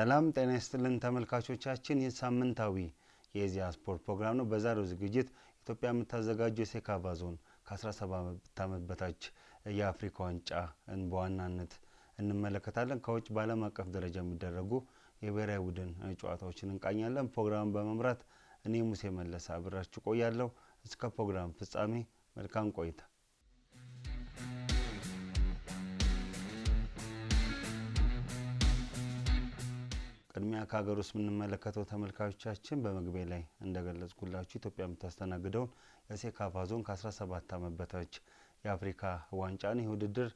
ሰላም ጤና ይስጥልን ተመልካቾቻችን፣ ይህ ሳምንታዊ የኢዜአ ስፖርት ፕሮግራም ነው። በዛሬው ዝግጅት ኢትዮጵያ የምታዘጋጀው የሴካፋ ዞን ከ17 ዓመት በታች የአፍሪካ ዋንጫን በዋናነት እንመለከታለን። ከውጭ በዓለም አቀፍ ደረጃ የሚደረጉ የብሔራዊ ቡድን ጨዋታዎችን እንቃኛለን። ፕሮግራሙን በመምራት እኔ ሙሴ መለሰ አብራችሁ ቆያለሁ። እስከ ፕሮግራም ፍጻሜ መልካም ቆይታ ቅድሚያ ከሀገር ውስጥ የምንመለከተው ተመልካቾቻችን በመግቢያ ላይ እንደገለጽኩላችሁ ኢትዮጵያ የምታስተናግደውን የሴካፋ ዞን ከ17 ዓመት በታች የአፍሪካ ነው። ይህ ውድድር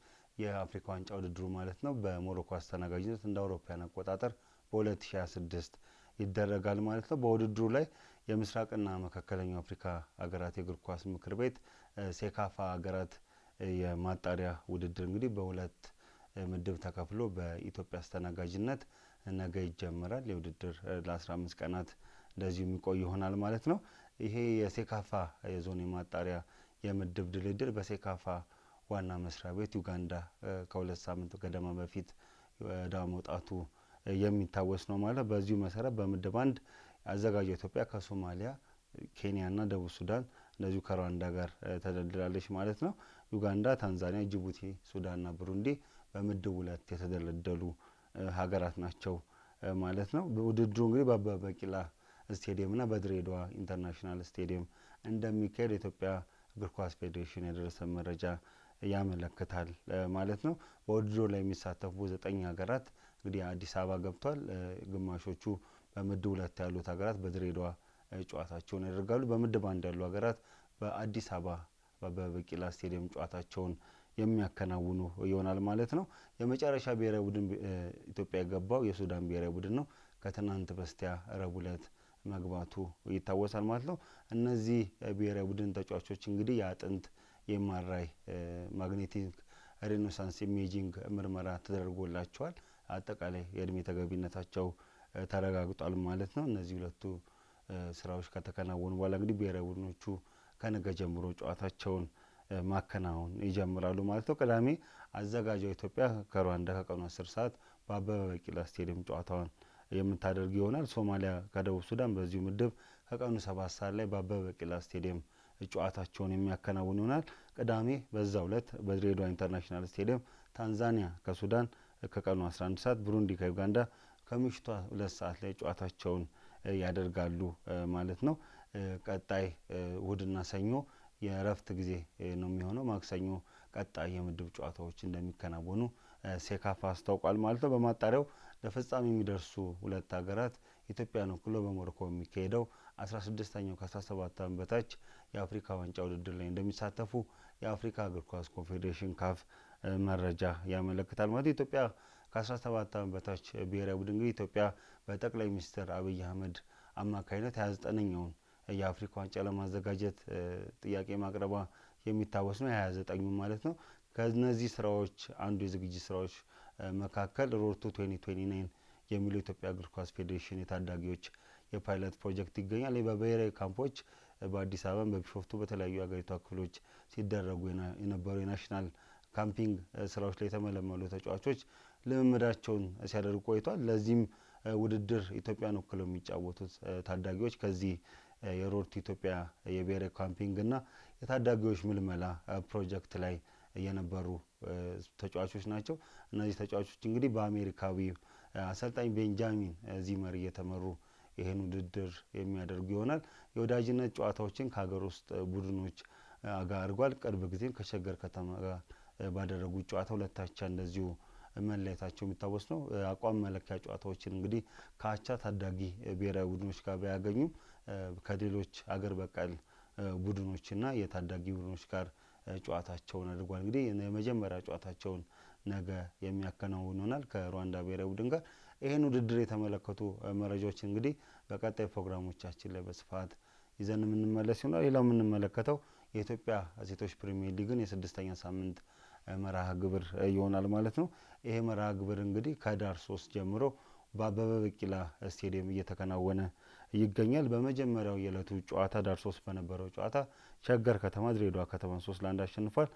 የአፍሪካ ዋንጫ ውድድሩ ማለት ነው በሞሮኮ አስተናጋጅነት እንደ አውሮፓውያን አቆጣጠር በ2026 ይደረጋል ማለት ነው። በውድድሩ ላይ የምስራቅና መካከለኛው አፍሪካ ሀገራት የእግር ኳስ ምክር ቤት ሴካፋ ሀገራት የማጣሪያ ውድድር እንግዲህ በሁለት ምድብ ተከፍሎ በኢትዮጵያ አስተናጋጅነት ነገ ይጀምራል። የውድድር ለ15 ቀናት እንደዚሁ የሚቆይ ይሆናል ማለት ነው። ይሄ የሴካፋ የዞን የማጣሪያ የምድብ ድልድል በሴካፋ ዋና መስሪያ ቤት ዩጋንዳ ከሁለት ሳምንት ገደማ በፊት ወደ መውጣቱ የሚታወስ ነው ማለት። በዚሁ መሰረት በምድብ አንድ አዘጋጅ ኢትዮጵያ ከሶማሊያ፣ ኬንያና ደቡብ ሱዳን እንደዚሁ ከሩዋንዳ ጋር ተደልድላለች ማለት ነው። ዩጋንዳ፣ ታንዛኒያ፣ ጅቡቲ፣ ሱዳንና ብሩንዲ በምድብ ሁለት የተደለደሉ ሀገራት ናቸው ማለት ነው። ውድድሩ እንግዲህ በአበበ ቢቂላ ስቴዲየምና በድሬዳዋ ኢንተርናሽናል ስቴዲየም እንደሚካሄድ የኢትዮጵያ እግር ኳስ ፌዴሬሽን የደረሰ መረጃ ያመለክታል ማለት ነው። በውድድሩ ላይ የሚሳተፉ ዘጠኝ ሀገራት እንግዲህ አዲስ አበባ ገብቷል። ግማሾቹ በምድብ ሁለት ያሉት ሀገራት በድሬዳዋ ጨዋታቸውን ያደርጋሉ። በምድብ አንድ ያሉ ሀገራት በአዲስ አበባ በአበበ ቢቂላ ስቴዲየም ጨዋታቸውን የሚያከናውኑ ይሆናል ማለት ነው። የመጨረሻ ብሔራዊ ቡድን ኢትዮጵያ የገባው የሱዳን ብሔራዊ ቡድን ነው። ከትናንት በስቲያ ረቡዕ ዕለት መግባቱ ይታወሳል ማለት ነው። እነዚህ ብሔራዊ ቡድን ተጫዋቾች እንግዲህ የአጥንት የማራይ ማግኔቲክ ሬኖሳንስ ኢሜጂንግ ምርመራ ተደርጎላቸዋል። አጠቃላይ የእድሜ ተገቢነታቸው ተረጋግጧል ማለት ነው። እነዚህ ሁለቱ ስራዎች ከተከናወኑ በኋላ እንግዲህ ብሔራዊ ቡድኖቹ ከነገ ጀምሮ ጨዋታቸውን ማከናወን ይጀምራሉ ማለት ነው። ቅዳሜ አዘጋጇ ኢትዮጵያ ከሩዋንዳ ከቀኑ አስር ሰዓት በአበበ ቢቂላ ስቴዲየም ጨዋታውን የምታደርግ ይሆናል። ሶማሊያ ከደቡብ ሱዳን በዚሁ ምድብ ከቀኑ ሰባት ሰዓት ላይ በአበበ ቢቂላ ስቴዲየም ጨዋታቸውን የሚያከናውን ይሆናል። ቅዳሜ በዛው ዕለት በድሬዳዋ ኢንተርናሽናል ስቴዲየም ታንዛኒያ ከሱዳን ከቀኑ 11 ሰዓት፣ ብሩንዲ ከዩጋንዳ ከምሽቷ ሁለት ሰዓት ላይ ጨዋታቸውን ያደርጋሉ ማለት ነው። ቀጣይ እሁድና ሰኞ የእረፍት ጊዜ ነው የሚሆነው። ማክሰኞ ቀጣይ የምድብ ጨዋታዎች እንደሚከናወኑ ሴካፋ አስታውቋል ማለት ነው። በማጣሪያው ለፍጻሜ የሚደርሱ ሁለት ሀገራት ኢትዮጵያን ወክሎ በሞሮኮ የሚካሄደው አስራ ስድስተኛው ከአስራ ሰባት ዓመት በታች የአፍሪካ ዋንጫ ውድድር ላይ እንደሚሳተፉ የአፍሪካ እግር ኳስ ኮንፌዴሬሽን ካፍ መረጃ ያመለክታል ማለት ኢትዮጵያ ከአስራ ሰባት ዓመት በታች ብሔራዊ ቡድን እንግዲህ ኢትዮጵያ በጠቅላይ ሚኒስትር አብይ አህመድ አማካኝነት ሀያ ዘጠነኛውን የአፍሪካ ዋንጫ ለማዘጋጀት ጥያቄ ማቅረቧ የሚታወስ ነው የሀያ ዘጠኙ ማለት ነው። ከነዚህ ስራዎች አንዱ የዝግጅት ስራዎች መካከል ሮርቱ ቱ 2029 የሚለው ኢትዮጵያ እግር ኳስ ፌዴሬሽን የታዳጊዎች የፓይለት ፕሮጀክት ይገኛል። ይህ በብሔራዊ ካምፖች በአዲስ አበባ፣ በቢሾፍቱ፣ በተለያዩ የሀገሪቷ ክፍሎች ሲደረጉ የነበሩ የናሽናል ካምፒንግ ስራዎች ላይ የተመለመሉ ተጫዋቾች ልምምዳቸውን ሲያደርጉ ቆይቷል። ለዚህም ውድድር ኢትዮጵያን ወክለው የሚጫወቱት ታዳጊዎች ከዚህ የሮድ ኢትዮጵያ የብሔራዊ ካምፒንግና የታዳጊዎች ምልመላ ፕሮጀክት ላይ የነበሩ ተጫዋቾች ናቸው። እነዚህ ተጫዋቾች እንግዲህ በአሜሪካዊ አሰልጣኝ ቤንጃሚን ዚመር እየተመሩ ይህን ውድድር የሚያደርጉ ይሆናል። የወዳጅነት ጨዋታዎችን ከሀገር ውስጥ ቡድኖች ጋር አድርጓል። ቅርብ ጊዜም ከሸገር ከተማ ጋር ባደረጉ ጨዋታ ሁለታቻ እንደዚሁ መለየታቸው የሚታወስ ነው። አቋም መለኪያ ጨዋታዎችን እንግዲህ ከአቻ ታዳጊ ብሔራዊ ቡድኖች ጋር ባያገኙም ከሌሎች አገር በቀል ቡድኖችና የታዳጊ ቡድኖች ጋር ጨዋታቸውን አድርጓል። እንግዲህ የመጀመሪያ ጨዋታቸውን ነገ የሚያከናውን ይሆናል ከሩዋንዳ ብሔራዊ ቡድን ጋር። ይህን ውድድር የተመለከቱ መረጃዎች እንግዲህ በቀጣይ ፕሮግራሞቻችን ላይ በስፋት ይዘን የምንመለስ ይሆናል። ሌላው የምንመለከተው የኢትዮጵያ ሴቶች ፕሪሚየር ሊግን የስድስተኛ ሳምንት መርሃ ግብር ይሆናል ማለት ነው። ይሄ መርሃ ግብር እንግዲህ ከዳር ሶስት ጀምሮ በአበበ ቢቂላ ስቴዲየም እየተከናወነ ይገኛል። በመጀመሪያው የዕለቱ ጨዋታ ዳር ሶስት በነበረው ጨዋታ ሸገር ከተማ ድሬዳዋ ከተማን ሶስት ለአንድ አሸንፏል።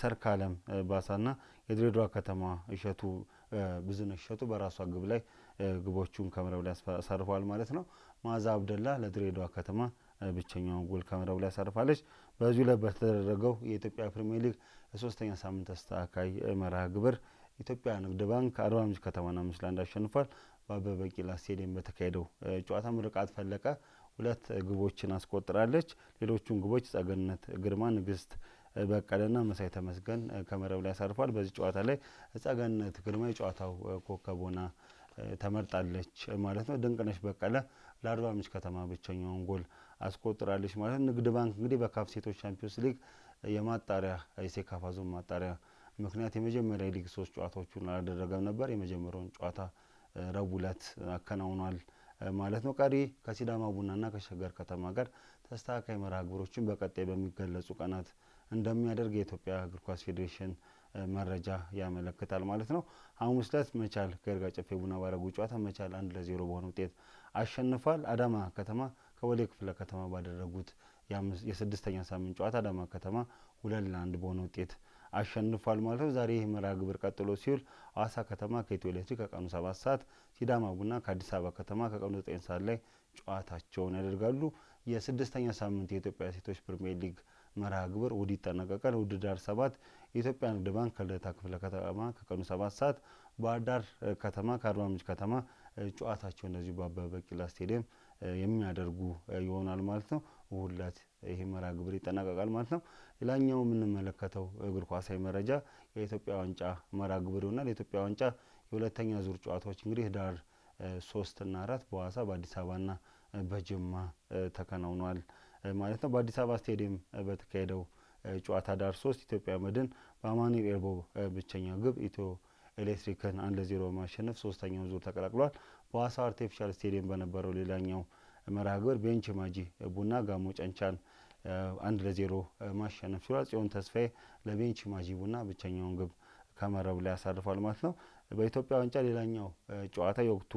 ሰርካለም ባሳና የድሬዳዋ ከተማ እሸቱ ብዙነሽ እሸቱ በራሷ ግብ ላይ ግቦቹን ከመረብ ላይ አሳርፏል ማለት ነው። ማዛ አብደላ ለድሬዳዋ ከተማ ብቸኛውን ጎል ከመረብ ላይ አሳርፋለች። በዚሁ ላይ በተደረገው የኢትዮጵያ ፕሪሚየር ሊግ ሶስተኛ ሳምንት ተስተካካይ መርሃ ግብር ኢትዮጵያ ንግድ ባንክ አርባ ምንጭ ከተማን አምስት ለአንድ አሸንፏል። በአበበ ቢቂላ ስቴዲየም በተካሄደው ጨዋታ ምርቃት ፈለቀ ሁለት ግቦችን አስቆጥራለች። ሌሎቹን ግቦች ጸገነት ግርማ፣ ንግስት በቀለና መሳይ ተመስገን ከመረብ ላይ አሳርፏል። በዚህ ጨዋታ ላይ ጸገነት ግርማ የጨዋታው ኮከብ ሆና ተመርጣለች ማለት ነው። ድንቅነሽ በቀለ ለአርባ ምንጭ ከተማ ብቸኛውን ጎል አስቆጥራለች ማለት ነው። ንግድ ባንክ እንግዲህ በካፍ ሴቶች ቻምፒዮንስ ሊግ የማጣሪያ የሴካፋ ዞን ማጣሪያ ምክንያት የመጀመሪያ ሊግ ሶስት ጨዋታዎቹን አላደረገም ነበር። የመጀመሪያውን ጨዋታ ረቡዕ ዕለት አከናውኗል ማለት ነው። ቀሪ ከሲዳማ ቡናና ከሸገር ከተማ ጋር ተስተካካይ መርሃ ግብሮችን በቀጣይ በሚገለጹ ቀናት እንደሚያደርግ የኢትዮጵያ እግር ኳስ ፌዴሬሽን መረጃ ያመለክታል ማለት ነው። ሐሙስ ዕለት መቻል ከይርጋ ጨፌ ቡና ባረጉ ጨዋታ መቻል አንድ ለዜሮ በሆነ ውጤት አሸንፏል። አዳማ ከተማ ከወሌ ክፍለ ከተማ ባደረጉት የስድስተኛ ሳምንት ጨዋታ አዳማ ከተማ ሁለት ለአንድ በሆነ ውጤት አሸንፏል ማለት ነው። ዛሬ ይህ መርሃ ግብር ቀጥሎ ሲውል ሐዋሳ ከተማ ከኢትዮ ኤሌክትሪክ ከቀኑ ሰባት ሰዓት፣ ሲዳማ ቡና ከአዲስ አበባ ከተማ ከቀኑ ዘጠኝ ሰዓት ላይ ጨዋታቸውን ያደርጋሉ። የስድስተኛ ሳምንት የኢትዮጵያ ሴቶች ፕሪሚየር ሊግ መርሃ ግብር ውድ ይጠናቀቃል። ውድ ዳር ሰባት የኢትዮጵያ ንግድ ባንክ ከልደታ ክፍለ ከተማ ከቀኑ ሰባት ሰዓት፣ ባህር ዳር ከተማ ከአርባ ምንጭ ከተማ ጨዋታቸው እንደዚሁ በአበበ ቢቂላ ስቴዲየም የሚያደርጉ ይሆናል ማለት ነው። እሁድ ዕለት ይሄ መርሃ ግብር ይጠናቀቃል ማለት ነው። ሌላኛው የምንመለከተው እግር ኳሳዊ መረጃ የኢትዮጵያ ዋንጫ መርሃ ግብር ይሆናል። የኢትዮጵያ ዋንጫ የሁለተኛ ዙር ጨዋታዎች እንግዲህ ህዳር ሶስት አራት በዋሳ በአዲስ አበባና በጅማ ተከናውኗል ማለት ነው። በአዲስ አበባ ስቴዲየም በተካሄደው ጨዋታ ዳር ሶስት ኢትዮጵያ መድን በአማኑኤል ኤርቦ ብቸኛ ግብ ኢትዮ ኤሌክትሪክን አንድ ለዜሮ በማሸነፍ ሶስተኛውን ዙር ተቀላቅሏል። በዋሳ አርቲፊሻል ስቴዲየም በነበረው ሌላኛው መርሃ ግብር ቤንች ማጂ ቡና ጋሞ ጨንቻን አንድ ለዜሮ ማሸነፍ ችሏል። ጽዮን ተስፋዬ ለቤንች ማጂቡና ብቸኛውን ግብ ከመረብ ላይ ያሳርፏል ማለት ነው። በኢትዮጵያ ዋንጫ ሌላኛው ጨዋታ የወቅቱ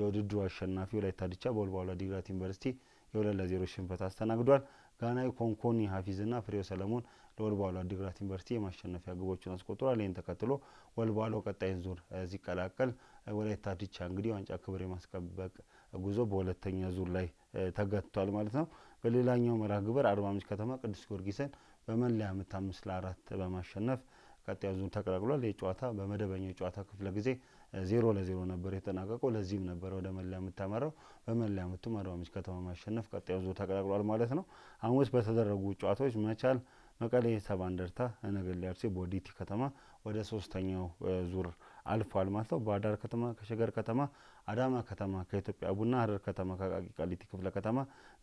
የውድድሩ አሸናፊ ወላይታ ዲቻ በወልዋሎ ዓዲግራት ዩኒቨርሲቲ የሁለት ለዜሮ ሽንፈት አስተናግዷል። ጋናዊ ኮንኮኒ ሀፊዝና ፍሬው ሰለሞን ለወልዋሎ ዓዲግራት ዩኒቨርሲቲ የማሸነፊያ ግቦችን አስቆጥሯል። ይህን ተከትሎ ወልዋሎ ቀጣይን ዙር ሲቀላቀል፣ ወላይታ ዲቻ እንግዲህ ዋንጫ ክብር የማስጠበቅ ጉዞ በሁለተኛ ዙር ላይ ተገትቷል ማለት ነው። በሌላኛው መርሃ ግብር አርባ ምንጭ ከተማ ቅዱስ ጊዮርጊስን በመለያ ምት አምስት ለአራት በማሸነፍ ቀጣዩ ዙር ተቀላቅሏል። ይህ ጨዋታ በመደበኛው የጨዋታ ክፍለ ጊዜ ዜሮ ለዜሮ ነበር የተጠናቀቀው። ለዚህም ነበረ ወደ መለያ የምታመራው በመለያ ምቱም አርባ ምንጭ ከተማ ማሸነፍ ቀጣዩ ዙር ተቀላቅሏል ማለት ነው። ሐሙስ በተደረጉ ጨዋታዎች መቻል መቀሌ ሰባ እንደርታ፣ ነገሌ አርሲ፣ ቦዲቲ ከተማ ወደ ሶስተኛው ዙር አልፏል ማለት ነው። ባህርዳር ከተማ ከሸገር ከተማ፣ አዳማ ከተማ ከኢትዮጵያ ቡና፣ ሀረር ከተማ ከአቃቂ ቃሊቲ ክፍለ ከተማ፣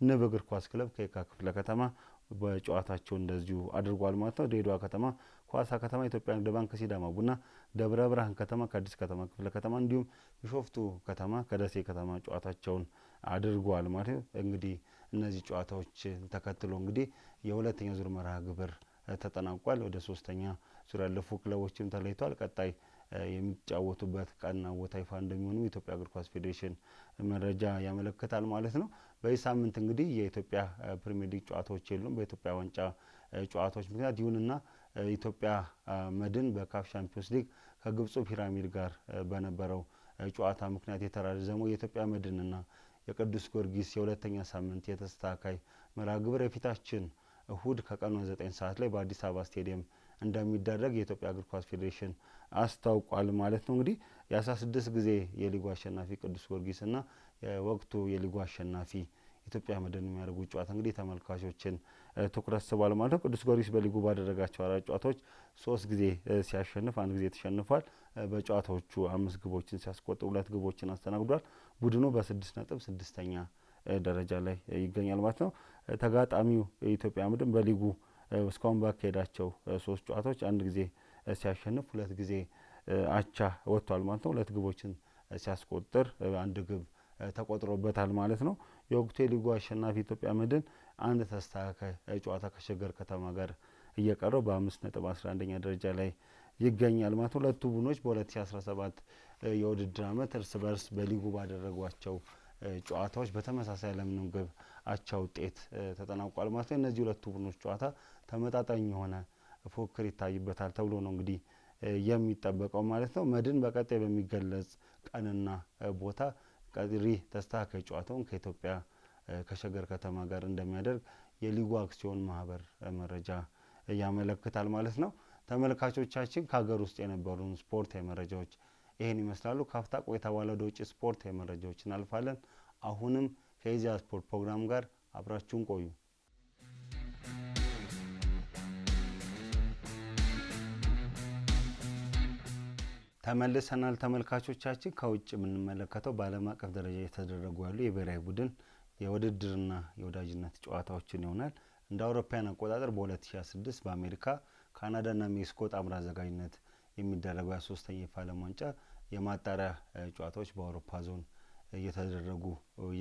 ንብ እግር ኳስ ክለብ ከየካ ክፍለ ከተማ በጨዋታቸው እንደዚሁ አድርጓል ማለት ነው። ድሬዳዋ ከተማ ኳሳ ከተማ፣ ኢትዮጵያ ንግድ ባንክ ከሲዳማ ቡና፣ ደብረ ብርሃን ከተማ ከአዲስ ከተማ ክፍለ ከተማ እንዲሁም ቢሾፍቱ ከተማ ከደሴ ከተማ ጨዋታቸውን አድርጓል ማለት ነው። እንግዲህ እነዚህ ጨዋታዎች ተከትሎ እንግዲህ የሁለተኛ ዙር መርሃ ግብር ተጠናቋል። ወደ ሶስተኛ ዙር ያለፉ ክለቦችም ተለይተዋል። ቀጣይ የሚጫወቱበት ቀንና ቦታ ይፋ እንደሚሆኑ የኢትዮጵያ እግር ኳስ ፌዴሬሽን መረጃ ያመለክታል ማለት ነው። በዚህ ሳምንት እንግዲህ የኢትዮጵያ ፕሪሚየር ሊግ ጨዋታዎች የሉም በኢትዮጵያ ዋንጫ ጨዋታዎች ምክንያት። ይሁንና ኢትዮጵያ መድን በካፍ ሻምፒዮንስ ሊግ ከግብፁ ፒራሚድ ጋር በነበረው ጨዋታ ምክንያት የተራዘመው የኢትዮጵያ መድንና የቅዱስ ጊዮርጊስ የሁለተኛ ሳምንት የተስተካካይ መርሃ ግብር የፊታችን እሁድ ከቀኑ 9 ሰዓት ላይ በአዲስ አበባ ስቴዲየም እንደሚደረግ የኢትዮጵያ እግር ኳስ ፌዴሬሽን አስታውቋል ማለት ነው። እንግዲህ የአስራ ስድስት ጊዜ የሊጉ አሸናፊ ቅዱስ ጊዮርጊስና የወቅቱ የሊጉ አሸናፊ ኢትዮጵያ መድን የሚያደርጉ ጨዋታ እንግዲህ ተመልካቾችን ትኩረት ስቧል ማለት ነው። ቅዱስ ጊዮርጊስ በሊጉ ባደረጋቸው አራት ጨዋታዎች ሶስት ጊዜ ሲያሸንፍ አንድ ጊዜ ተሸንፏል። በጨዋታዎቹ አምስት ግቦችን ሲያስቆጥር ሁለት ግቦችን አስተናግዷል። ቡድኑ በስድስት ነጥብ ስድስተኛ ደረጃ ላይ ይገኛል ማለት ነው። ተጋጣሚው የኢትዮጵያ መድን በሊጉ እስካሁን ባካሄዳቸው ሶስት ጨዋታዎች አንድ ጊዜ ሲያሸንፍ፣ ሁለት ጊዜ አቻ ወጥቷል ማለት ነው። ሁለት ግቦችን ሲያስቆጥር አንድ ግብ ተቆጥሮበታል ማለት ነው። የወቅቱ የሊጉ አሸናፊ ኢትዮጵያ መድን አንድ ተስተካካይ ጨዋታ ከሸገር ከተማ ጋር እየቀረው በአምስት ነጥብ አስራ አንደኛ ደረጃ ላይ ይገኛል ማለት ነው። ሁለቱ ቡድኖች በ2017 የውድድር ዓመት እርስ በርስ በሊጉ ባደረጓቸው ጨዋታዎች በተመሳሳይ ለምንም ግብ አቻ ውጤት ተጠናቋል ማለት ነው። እነዚህ ሁለቱ ቡድኖች ጨዋታ ተመጣጣኝ የሆነ ፉክክር ይታይበታል ተብሎ ነው እንግዲህ የሚጠበቀው ማለት ነው። መድን በቀጣይ በሚገለጽ ቀንና ቦታ ቀሪ ተስተካካይ ጨዋታውን ከኢትዮጵያ ከሸገር ከተማ ጋር እንደሚያደርግ የሊጉ አክሲዮን ማህበር መረጃ ያመለክታል ማለት ነው። ተመልካቾቻችን ከሀገር ውስጥ የነበሩን ስፖርት የመረጃዎች ይህን ይመስላሉ። ካፍታ ቆይታ በኋላ ወደ ውጭ ስፖርታዊ መረጃዎች እናልፋለን። አሁንም ከኢዜአ ስፖርት ፕሮግራም ጋር አብራችሁን ቆዩ። ተመልሰናል ተመልካቾቻችን። ከውጭ የምንመለከተው በዓለም አቀፍ ደረጃ የተደረጉ ያሉ የብሔራዊ ቡድን የውድድርና የወዳጅነት ጨዋታዎችን ይሆናል። እንደ አውሮፓውያን አቆጣጠር በ2016 በአሜሪካ ካናዳና ሜክሲኮ ጣምራ አዘጋጅነት የሚደረገው ያ የዓለም ዋንጫ የማጣሪያ ጨዋታዎች በአውሮፓ ዞን እየተደረጉ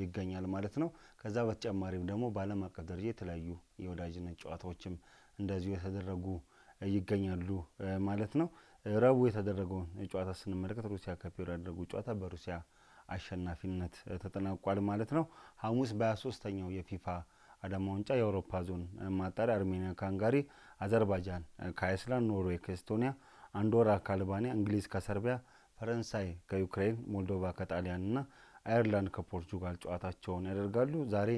ይገኛል ማለት ነው። ከዛ በተጨማሪም ደግሞ በዓለም አቀፍ ደረጃ የተለያዩ የወዳጅነት ጨዋታዎችም እንደዚሁ የተደረጉ ይገኛሉ ማለት ነው። ረቡዕ የተደረገውን ጨዋታ ስንመለከት ሩሲያ ከፔሩ ያደረጉ ጨዋታ በሩሲያ አሸናፊነት ተጠናቋል ማለት ነው። ሐሙስ በ23ኛው የፊፋ አዳማ ዋንጫ የአውሮፓ ዞን ማጣሪያ አርሜኒያ ከሃንጋሪ፣ አዘርባይጃን ከአይስላንድ፣ ኖርዌይ ከኤስቶኒያ፣ አንዶራ ከአልባንያ፣ እንግሊዝ ከሰርቢያ፣ ፈረንሳይ ከዩክሬን፣ ሞልዶቫ ና አየርላንድ ከፖርቹጋል ጨዋታቸውን ያደርጋሉ። ዛሬ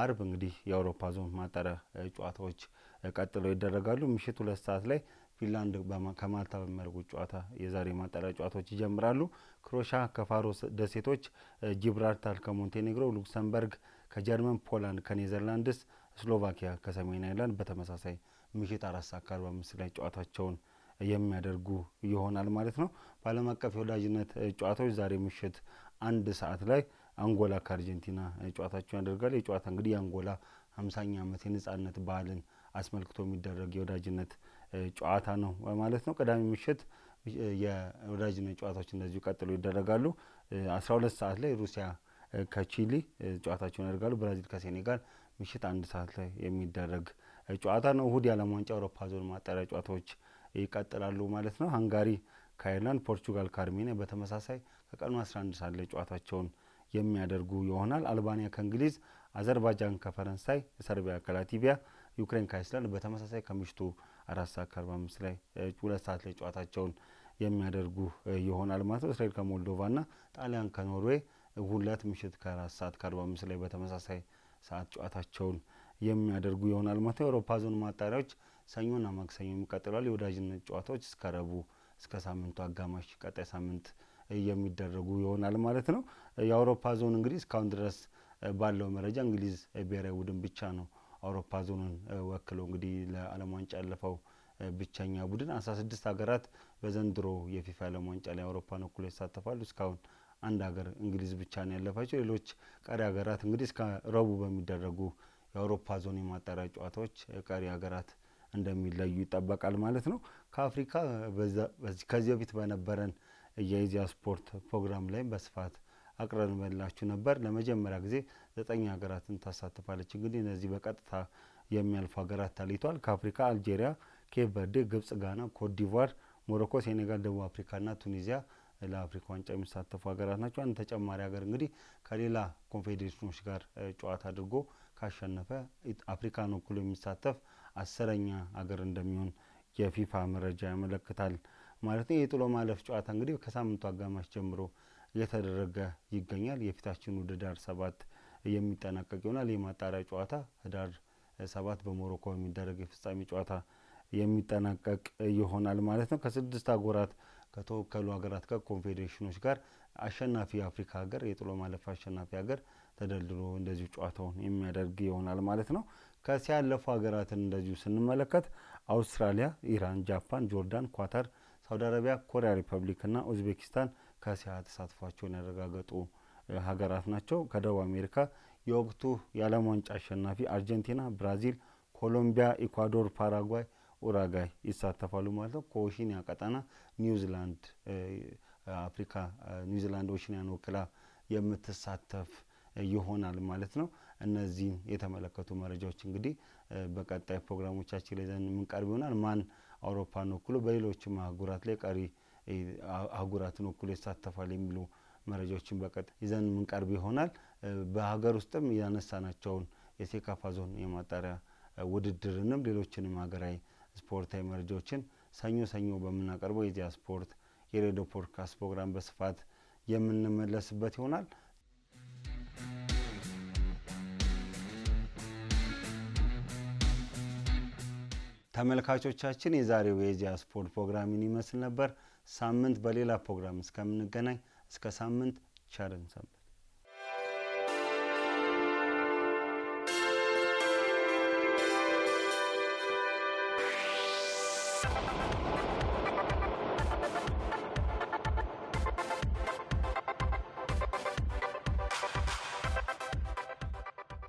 አርብ እንግዲህ የአውሮፓ ዞን ማጣሪያ ጨዋታዎች ቀጥለው ይደረጋሉ። ምሽት ሁለት ሰዓት ላይ ፊንላንድ ከማልታ በሚያደርጉት ጨዋታ የዛሬ ማጣሪያ ጨዋታዎች ይጀምራሉ። ክሮሻ ከፋሮ ደሴቶች፣ ጂብራልታር ከሞንቴኔግሮ፣ ሉክሰምበርግ ከጀርመን፣ ፖላንድ ከኔዘርላንድስ፣ ስሎቫኪያ ከሰሜን አይርላንድ በተመሳሳይ ምሽት አራት ሰዓት ከአርባ አምስት ላይ ጨዋታቸውን የሚያደርጉ ይሆናል ማለት ነው። በዓለም አቀፍ የወዳጅነት ጨዋታዎች ዛሬ ምሽት አንድ ሰዓት ላይ አንጎላ ከአርጀንቲና ጨዋታቸው ያደርጋል። የጨዋታ እንግዲህ የአንጎላ ሀምሳኛ ዓመት የነጻነት በዓልን አስመልክቶ የሚደረግ የወዳጅነት ጨዋታ ነው ማለት ነው። ቅዳሜ ምሽት የወዳጅነት ጨዋታዎች እንደዚሁ ቀጥሎ ይደረጋሉ። አስራ ሁለት ሰዓት ላይ ሩሲያ ከቺሊ ጨዋታቸውን ያደርጋሉ። ብራዚል ከሴኔጋል ምሽት አንድ ሰዓት ላይ የሚደረግ ጨዋታ ነው። እሁድ የዓለም ዋንጫ አውሮፓ ዞን ማጣሪያ ጨዋታዎች ይቀጥላሉ ማለት ነው። ሀንጋሪ ከአይርላንድ፣ ፖርቹጋል ከአርሜኒያ በተመሳሳይ ከቀኑ 11 ሰዓት ላይ ጨዋታቸውን የሚያደርጉ ይሆናል። አልባንያ ከእንግሊዝ፣ አዘርባጃን ከፈረንሳይ፣ ሰርቢያ ከላቲቪያ፣ ዩክሬን ከአይስላንድ በተመሳሳይ ከምሽቱ አራት ሰዓት ከአርባ አምስት ላይ ሁለት ሰዓት ላይ ጨዋታቸውን የሚያደርጉ ይሆናል ማለት ነው። እስራኤል ከሞልዶቫ ና ጣሊያን ከኖርዌይ ሁለት ምሽት ከአራት ሰዓት ከአርባ አምስት ላይ በተመሳሳይ ሰዓት ጨዋታቸውን የሚያደርጉ ይሆናል ማለት ነው። የአውሮፓ ዞን ማጣሪያዎች ሰኞና ማክሰኞ ይቀጥላሉ። የወዳጅነት ጨዋታዎች እስከ ረቡዕ እስከ ሳምንቱ አጋማሽ ቀጣይ ሳምንት የሚደረጉ ይሆናል ማለት ነው። የአውሮፓ ዞን እንግዲህ እስካሁን ድረስ ባለው መረጃ እንግሊዝ ብሔራዊ ቡድን ብቻ ነው አውሮፓ ዞኑን ወክሎ እንግዲህ ለዓለም ዋንጫ ያለፈው ብቸኛ ቡድን። አስራ ስድስት ሀገራት በዘንድሮ የፊፋ ዓለም ዋንጫ ላይ አውሮፓን ወክሎ ይሳተፋሉ። እስካሁን አንድ ሀገር እንግሊዝ ብቻ ነው ያለፋቸው። ሌሎች ቀሪ ሀገራት እንግዲህ እስከ ረቡዕ በሚደረጉ የአውሮፓ ዞን የማጣሪያ ጨዋታዎች ቀሪ ሀገራት እንደሚለዩ ይጠበቃል ማለት ነው። ከአፍሪካ ከዚህ በፊት በነበረን የኢዜአ ስፖርት ፕሮግራም ላይ በስፋት አቅርበንላችሁ ነበር። ለመጀመሪያ ጊዜ ዘጠኝ ሀገራትን ታሳትፋለች። እንግዲህ እነዚህ በቀጥታ የሚያልፉ ሀገራት ታልይቷል። ከአፍሪካ አልጄሪያ፣ ኬፕ ቨርዴ፣ ግብጽ፣ ጋና፣ ኮትዲቯር፣ ሞሮኮ፣ ሴኔጋል፣ ደቡብ አፍሪካና ቱኒዚያ ለአፍሪካ ዋንጫ የሚሳተፉ ሀገራት ናቸው። አንድ ተጨማሪ ሀገር እንግዲህ ከሌላ ኮንፌዴሬሽኖች ጋር ጨዋታ አድርጎ ካሸነፈ አፍሪካን ወክሎ የሚሳተፍ አስረኛ ሀገር እንደሚሆን የፊፋ መረጃ ያመለክታል። ማለት ነው። የጥሎ ማለፍ ጨዋታ እንግዲህ ከሳምንቱ አጋማሽ ጀምሮ እየተደረገ ይገኛል። የፊታችን ወደ ዳር ሰባት የሚጠናቀቅ ይሆናል። የማጣሪያ ጨዋታ ህዳር ሰባት በሞሮኮ የሚደረግ የፍጻሜ ጨዋታ የሚጠናቀቅ ይሆናል ማለት ነው። ከስድስት አህጉራት ከተወከሉ ሀገራት ጋር ኮንፌዴሬሽኖች ጋር አሸናፊ የአፍሪካ ሀገር የጥሎ ማለፍ አሸናፊ ሀገር ተደልድሎ እንደዚሁ ጨዋታውን የሚያደርግ ይሆናል ማለት ነው። ከሲያለፉ ሀገራትን እንደዚሁ ስንመለከት አውስትራሊያ፣ ኢራን፣ ጃፓን፣ ጆርዳን፣ ኳታር ሳውዲ አረቢያ፣ ኮሪያ ሪፐብሊክና ኡዝቤኪስታን ከሲያ ተሳትፏቸውን ያረጋገጡ ሀገራት ናቸው። ከደቡብ አሜሪካ የወቅቱ የዓለም ዋንጫ አሸናፊ አርጀንቲና፣ ብራዚል፣ ኮሎምቢያ፣ ኢኳዶር፣ ፓራጓይ፣ ኡራጋይ ይሳተፋሉ ማለት ነው። ከኦሽኒያ ቀጠና ኒውዚላንድ አፍሪካ ኒውዚላንድ ኦሽኒያን ወክላ የምትሳተፍ ይሆናል ማለት ነው። እነዚህን የተመለከቱ መረጃዎች እንግዲህ በቀጣይ ፕሮግራሞቻችን ላይ ዘንድ የምንቀርብ ይሆናል። ማን አውሮፓን ወክሎ በሌሎችም አህጉራት ላይ ቀሪ አህጉራትን ወክሎ ይሳተፋል የሚሉ መረጃዎችን በቀጥ ይዘን የምንቀርብ ይሆናል። በሀገር ውስጥም ያነሳናቸውን የሴካፋ ዞን የማጣሪያ ውድድርንም ሌሎችንም ሀገራዊ ስፖርታዊ መረጃዎችን ሰኞ ሰኞ በምናቀርበው የኢዜአ ስፖርት የሬዲዮ ፖድካስት ፕሮግራም በስፋት የምንመለስበት ይሆናል። ተመልካቾቻችን የዛሬው የኢዜአ ስፖርት ፕሮግራምን ይመስል ነበር። ሳምንት በሌላ ፕሮግራም እስከምንገናኝ እስከ ሳምንት ቸርን ሰንብቱ።